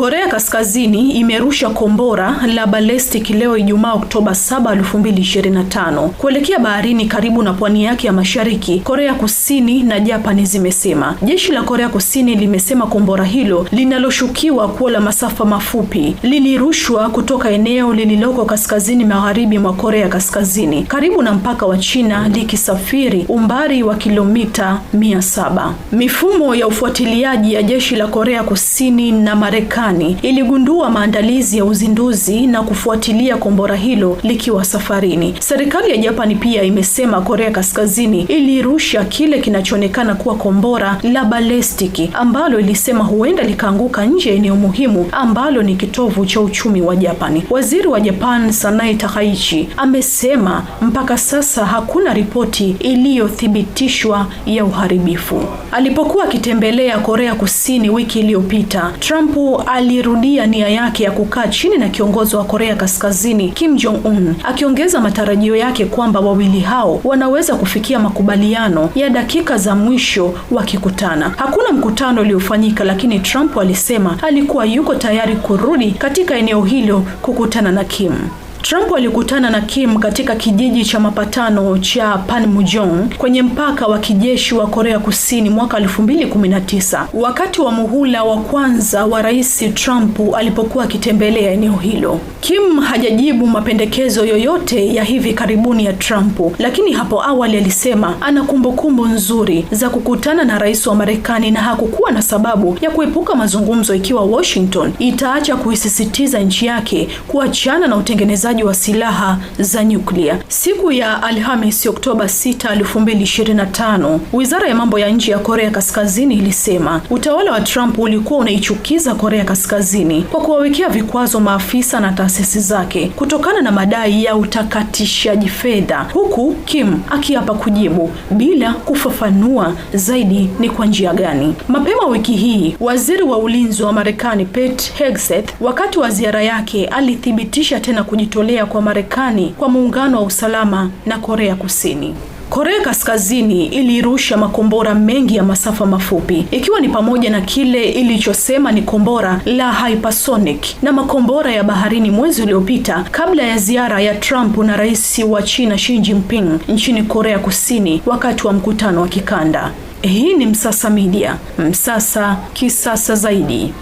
Korea Kaskazini imerusha kombora la balistic leo Ijumaa Oktoba 7, 2025 kuelekea baharini karibu na pwani yake ya mashariki. Korea Kusini na Japani zimesema. Jeshi la Korea Kusini limesema kombora hilo linaloshukiwa kuwa la masafa mafupi lilirushwa kutoka eneo lililoko kaskazini magharibi mwa Korea Kaskazini karibu na mpaka wa China likisafiri umbali wa kilomita 700. Mifumo ya ufuatiliaji ya jeshi la Korea Kusini na Marekani Marekani iligundua maandalizi ya uzinduzi na kufuatilia kombora hilo likiwa safarini. Serikali ya Japani pia imesema Korea Kaskazini ilirusha kile kinachoonekana kuwa kombora la balestiki ambalo ilisema huenda likaanguka nje ya eneo muhimu ambalo ni kitovu cha uchumi wa Japani. Waziri wa Japan Sanae Takaichi amesema mpaka sasa hakuna ripoti iliyothibitishwa ya uharibifu. Alipokuwa akitembelea Korea Kusini wiki iliyopita, Trump alirudia nia yake ya kukaa chini na kiongozi wa Korea Kaskazini Kim Jong Un, akiongeza matarajio yake kwamba wawili hao wanaweza kufikia makubaliano ya dakika za mwisho wakikutana. Hakuna mkutano uliofanyika, lakini Trump alisema alikuwa yuko tayari kurudi katika eneo hilo kukutana na Kim. Trump alikutana na Kim katika kijiji cha mapatano cha Panmunjom kwenye mpaka wa kijeshi wa Korea Kusini mwaka 2019 wakati wa muhula wa kwanza wa Rais Trump alipokuwa akitembelea eneo hilo. Kim hajajibu mapendekezo yoyote ya hivi karibuni ya Trump, lakini hapo awali alisema ana kumbukumbu nzuri za kukutana na rais wa Marekani na hakukuwa na sababu ya kuepuka mazungumzo ikiwa Washington itaacha kuisisitiza nchi yake kuachana na utengenezaji utengenezaji wa silaha za nyuklia. Siku ya Alhamisi Oktoba 6, 2025, Wizara ya Mambo ya Nje ya Korea Kaskazini ilisema utawala wa Trump ulikuwa unaichukiza Korea Kaskazini kwa kuwawekea vikwazo maafisa na taasisi zake kutokana na madai ya utakatishaji fedha, huku Kim akiapa kujibu bila kufafanua zaidi ni kwa njia gani. Mapema wiki hii, Waziri wa Ulinzi wa Marekani Pete Hegseth wakati wa ziara yake alithibitisha tena kujitoa kujitolea kwa Marekani kwa muungano wa usalama na Korea Kusini. Korea Kaskazini ilirusha makombora mengi ya masafa mafupi ikiwa ni pamoja na kile ilichosema ni kombora la hypersonic na makombora ya baharini mwezi uliopita kabla ya ziara ya Trump na rais wa China Xi Jinping nchini Korea Kusini wakati wa mkutano wa kikanda. Hii ni Msasa Media. Msasa kisasa zaidi.